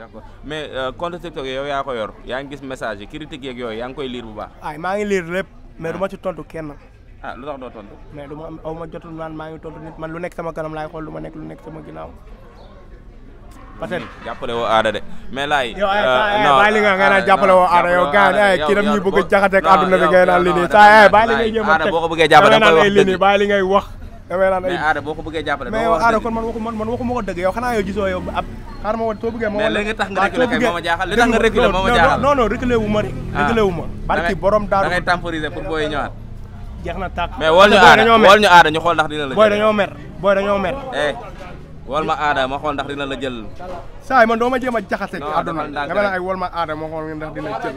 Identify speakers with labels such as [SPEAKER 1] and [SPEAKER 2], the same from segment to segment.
[SPEAKER 1] d' accord mais euh, compte TikTok yow yaa ko yor yaa ngi gis message yi critique yeeg yooyu yaa ngi koy lire bu baax.
[SPEAKER 2] ay maa ngi lire lépp mais ah. du ma ci tontu kenn.
[SPEAKER 1] ah lu tax doo tontu.
[SPEAKER 2] mais du ma aw ma jotul naan tontu nit man lu nekk sama kanam laay xool lu ma nekk lu nekk sama ginnaaw. parce que hmm,
[SPEAKER 1] jàppale woo aada de mais laay. yow ay euh, nga ah, naan jàppale woo aada yow gars yi ay kii daf ñuy
[SPEAKER 2] bëgg a jaxateeg àdduna bi naan li nii saa ay bàyyi li ngay jéem a damay naan ay mais aada
[SPEAKER 1] boo ko bëggee jàppale mais aada kon man na tàkk mais wol ñu aada wol ñu aada ñu xool ndax dina la booy dañoo mer eh, ma aada ma xool ndax dina la jël
[SPEAKER 2] saa yi man doo ma jéem a jaxase ci ay wol ma aada ma xool ndax dina jël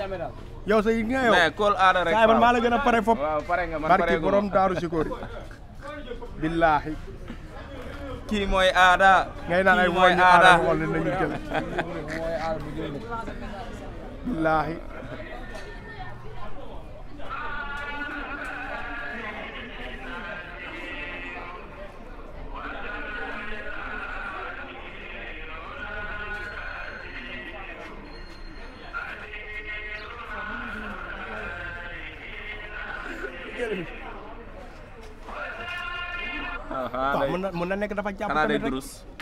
[SPEAKER 2] yow sa yi nga yow mais man maa la gën a pare fop barki borom daaru sikoori
[SPEAKER 1] billaahi kii mooy aada ngay naan mooy aada xool ne nañu jël
[SPEAKER 2] billaahi waaw mën na mën na nekk dafa jàpp tamit rek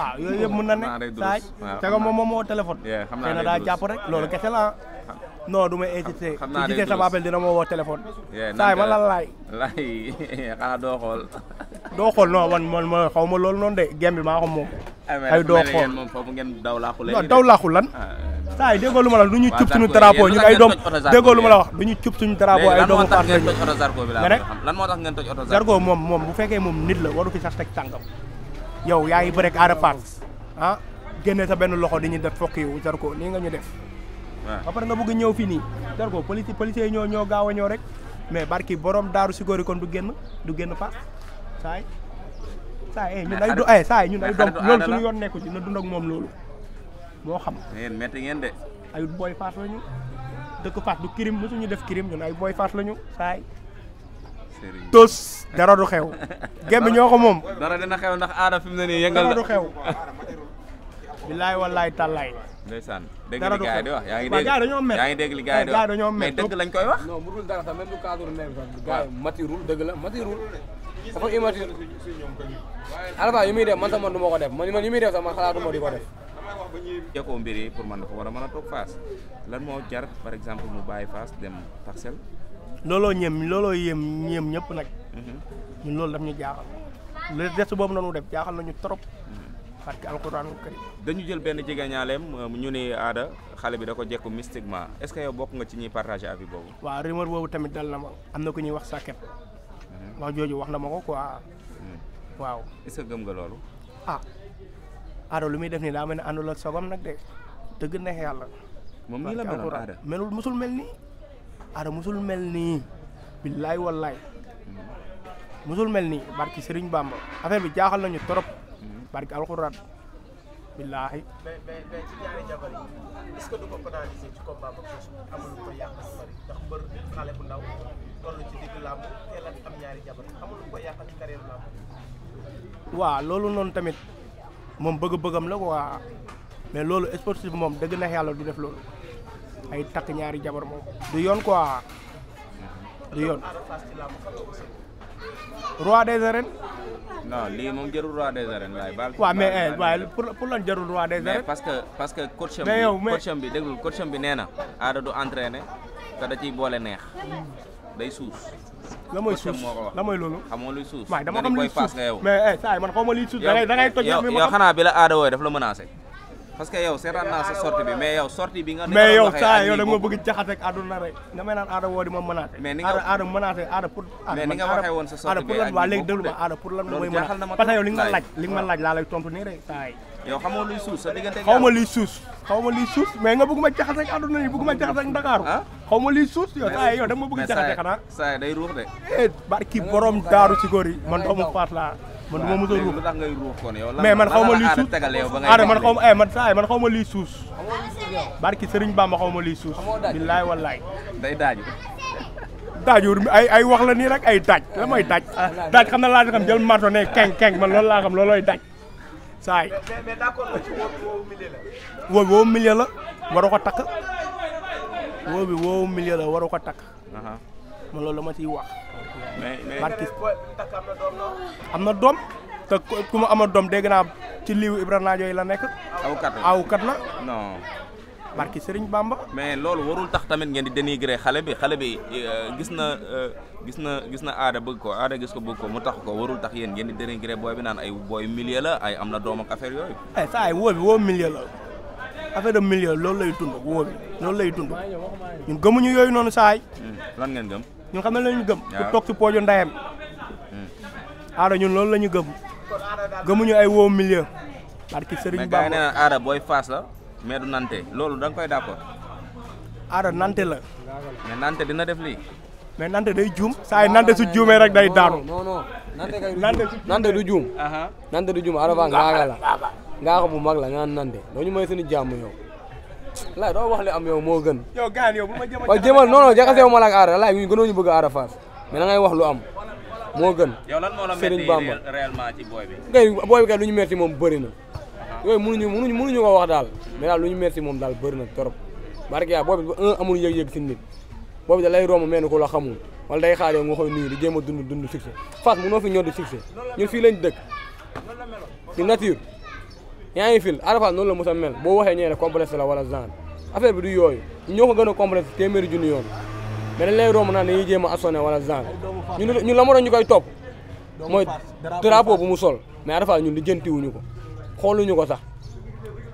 [SPEAKER 2] ah yooyu yëpp mën na nekk saaj te moom moom moo téléphone xëy na daa jàpp rek loolu kese la non du ma incité incité sama appel dina ma woo téléphone
[SPEAKER 1] saay ma lan laay xanaa doo xool
[SPEAKER 2] doo xool non ma xaw ma loolu noonu de gem maa xam moom
[SPEAKER 1] eh, ay doo xool moom foofu ngeen daw laaxu non daw laaxu lan ah.
[SPEAKER 2] saa yi déggoo lu ma la wax du ñu cub suñu drapeau ñun ay doom lu du ñu cub suñu drapeau ay doomu faat lañ lan moo tax ngeen toj oto Zarko moom moom bu fekkee moom nit la waru fi sax yow yaa ngi bëreeg aada faat ah génne sa benn loxo di def fokk yow Zarko nii nga ñu def ba pare nga bëgg ñëw fii nii Zarko police policier yi ñoo ñoo gaaw a ñëw rek mais barki borom daaru si góori kon du génn du génn faas saay saay eh, ñun ay do ay eh, saay ñun ay doom loolu suñu yoon nekku ci na dund ak moom loolu moo xam. yéen métti ngeen de. ay booy faat lañu dëkk faat du crime mosuñu def crime ñun ay booy faat lañu saay. tos dara du xew. gemb ñoo ko moom.
[SPEAKER 1] dara dina xew ndax aada fi mu ne nii yëngal la du xew. bilaay walaay tàllaay. ndeysaan dégg li gars yi di wax yaa ngi dégg gars dañoo met yaa ngi dégg li dëgg
[SPEAKER 3] dara sax même lu cadre dëgg la matirul dafa immature. alba man sax man du ma ko def man yu muy def sax man xalaatuma di ko def.
[SPEAKER 1] jokkoo mbir yi pour man dafa war a mën a toog Fass lan moo jar par exemple mu bàyyi Fass dem parcelle.
[SPEAKER 2] looloo ñeem looloo yéem ñeem ñëpp nag. Mhm. ñun loolu daf ñu jaaxal. le geste boobu noonu def jaaxal nañu trop. Mhm. parce que alxuraanul karim
[SPEAKER 1] dañu jël benn jegeñaaleem euh, ñu ne aada xale bi da ko jekku mystiquement est-ce que yow bokk nga ci ñuy partagé avis boobu.
[SPEAKER 2] waaw rumeur boobu tamit dal na ma. am na ko ñuy wax sàkket.
[SPEAKER 1] Mhm.
[SPEAKER 2] wax jooju wax na ma ko quoi. waaw
[SPEAKER 1] est-ce gëm nga loolu.
[SPEAKER 2] Ah, aada lu muy def nii daa mel ne àndul ak sogom nag de dëgg neex yàlla. moom nii melul musul mel nii. aada musul mel nii. billaay wallaay. Mm. musul mel nii barki Serigne Bamba affaire bi jaaxal nañu trop. Mm. barki alxuraan. billaahi. loolu noonu tamit. moom bëgg-bëggam la ko quoi mais loolu sportif moom dëgg na yàlla du def loolu ay takk ñaari jabar moom du yoon quoi mm-hmm. du yoon.
[SPEAKER 1] roi des arènes. non lii moom jarul roi des arènes waaye baal. waaw mais eh, waaye pour pour lan jarul roi des arènes. mais parce que parce que coacham bi coacham bi déglul coacham bi nee na. aada du entraîné te da ciy boole neex mm. day suus. la mooy suuf la mooy loolu. xamoo luy suuf. dama xam luy suuf
[SPEAKER 2] mais eh, saa yi man xaw ma luy suuf. da ngay
[SPEAKER 1] la aada wooyee parce que yow seetaan naa sa sortie bi yow sortie bi nga. mais yow
[SPEAKER 2] rek nga may naan aada woo ma mënaate. mais ni nga aada mënaate aada pour. mais ni ma aada pour lan mooy mënaate parce que yow li nga ma ma laaj laa lay tontu nii rek saa yi.
[SPEAKER 1] yow xamoo luy suus sa diggante xaw
[SPEAKER 2] suus xaw nga bëgg ma jaxase ak àdduna yi ma jaxase ak Ndakaaru ah? xaw ma suus yow saa
[SPEAKER 1] yow da ma bëgg jaxase xanaa saa day ruux de
[SPEAKER 2] eh, barki borom daaru si góor yi man doomu faat man duma mos a
[SPEAKER 1] ruux mais man xaw ma luy suus aada man xaw
[SPEAKER 2] ma eh, man saay man xaw ma luy suus barki Sëriñ Bamba xaw ma luy suus billaay wallaay day daaju daajur ay wax la nii rek ay daaj la mooy daaj xam na laa xam jël marto ne keng keng man loolu laa xam loolooy daaj saay woowu woowu milieu la waru ko takk woowu bi woowu milieu la waru ko takk man loolu ma ciy wax mais barki am na doom te ku ma a doom dégg naa ci liiwu Ibrahima yooyu la nekk awkat awkat la
[SPEAKER 1] non barki Serigne Bamba mais loolu warul tax tamit ngeen di dénigrer xale bi xale bi euh, gis na euh, gis na gis na aada bëgg ko aada gis ko bëgg ko mu tax ko warul tax yéen ngeen di dénigrer booy bi naan ay booy milieu la ay am na doom ak affaire yooyu
[SPEAKER 2] eh saa ay woo bi woo milieu la affaire de milieu loolu lay dund woo bi loolu lay dund ñun gëmuñu yooyu noonu saay
[SPEAKER 1] hmm. lan ngeen gëm
[SPEAKER 2] ñun xam ne la gëm. ku toog ci pooju ndayam. Hmm. aada ñun loolu la gëm.
[SPEAKER 1] gëmuñu ay woo
[SPEAKER 2] milieu. parce que Serigne Ba mais nee na
[SPEAKER 1] aada booy faas la mais du nante loolu da nga koy d'accord.
[SPEAKER 2] aada nante la.
[SPEAKER 1] mais nante dina def lii.
[SPEAKER 2] mais nante day juum saa yi nante su juumee rek day daanu. non
[SPEAKER 1] non
[SPEAKER 3] nante du juum nante du juum. nante du juum aada baa ngaa la ngaa ko bu mag la nga naan nante doo ñu may suñu jàmm yow. laay doo wax li am yow moo gën.
[SPEAKER 2] yow gaan yow bu ma jëma. waaw
[SPEAKER 3] jëmal non non jaxasewu ma la ak aara laay ñu gënoon ñu bëgg aara faas mais da ngay wax am moo gën.
[SPEAKER 1] yow lan moo la metti réellement ci booy bi. ngay
[SPEAKER 3] booy bi kay lu ñu metti moom bëri na
[SPEAKER 1] uh-huh.
[SPEAKER 3] yooyu mënuñu mënuñu mënuñu ko wax daal mais daal lu ñu metti moom daal bëri na trop barke yaa boobi un amul yëg-yëg si nit boobi da lay romb mel ni ku la xamul wala day xaar yow nga koy nuyu di jéem a dund dund succès Fass mënoo fi ñoo di succès ñun fii lañ dëkk ci nature yaa ngi fil Ada Fass noonu la mos a boo waxee ñee ne complexe la wala genre affaire bi du yooyu ñoo ko gën a complexe téeméeri nu yoon mais dañ lay romb naan dañuy jéem a assoné ñu genre ñun ñun la moroon ñu koy topp mooy drapeau bu mu sol mais Ada Fass ñun di jëntiwuñu ko ñu ko sax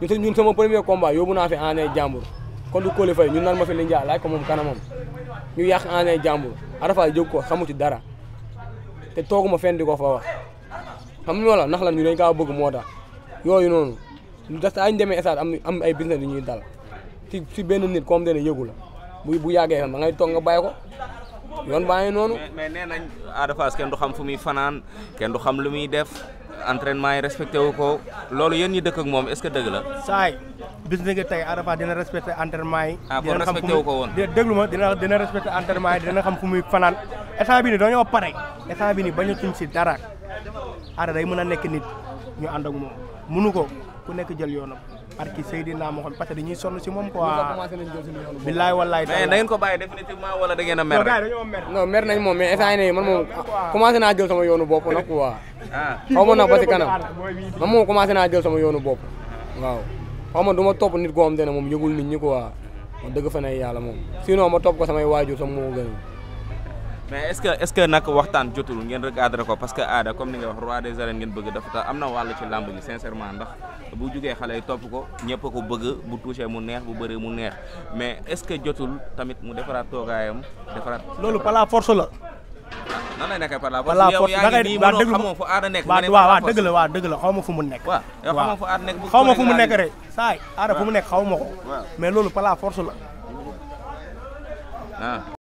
[SPEAKER 3] ñun ñun sama premier combat yóbbu naa fi année ko kon du qualifié ñun nan ma fi li njaa laaj ko moom kanamam ñu yàq année jàmbur Ada Fass jóg ko xamu ci dara te tooguma fenn di ko fa wax xam nga ndax lan ñu dañ kaa bëgg moo tax yooyu noonu ndax añ demee stade am am ay business yu ñuy dal ci ci benn nit comme dana yëgu la bu bu yàggee xam da ngay toog nga ko yoon baa ngi noonu.
[SPEAKER 1] mais nee nañ Ada Fass kenn du xam fu muy fanaan kenn du xam lu muy def entraînement yi respecté wu ko loolu yéen ñu dëkk ak moom est-ce que dëgg la. saay
[SPEAKER 2] bis nga tey Ada Fass dina respecté entraînement yi. ah kon respecté wu ko woon dina déglu ma dina dina respecté entraînement dina xam fu muy fanaan instant bi nii pare instant bi nii bañatuñ si dara Ada day mën a nekk nit. ñu ànd ak moom munu ko ku nekk jël yoonam barki Seydina moo xam parce que dañuy son si moom quoi
[SPEAKER 1] billaay wallaay mais da ngeen ko bàyyi définitivement wala da a mer
[SPEAKER 3] non mer nañ moom mais instant yii man moom ah, commencé naa jël sama yoonu bopp nag quoi ah. xaw ma nag ba si kanam man moom commencé naa jël sama yoonu bopp waaw xaw ma du ma topp nit koo xam ne moom yëgul nit ñi quoi wax dëgg fa ne yàlla moom sinon ma topp ko samay waajur sama moo gën
[SPEAKER 1] mais est-ce que est waxtaan jotul ngeen recadré ko parce que aada comme ni nga wax roi des arènes ngeen bëgg dafa tax am na wàll ci làmb ji sincèrement ndax bu jugee xale yi topp ko ñëpp a ko bëgg bu touché mu neex bu bëree mu neex mais est-ce que jotul tamit mu defaraat toogaayam defaraat. loolu palaa la force la. nan lay nekkee par la force yow yaa ngi nii mënoo xamoo fu aada nekk. waaw waaw dëgg la
[SPEAKER 2] waaw dëgg xaw ma fu mu nekk. waaw
[SPEAKER 1] xaw ma fu mu nekk rek saay aada fu mu nekk
[SPEAKER 2] xaw ma ko. mais loolu palaa la force la.
[SPEAKER 1] Ah.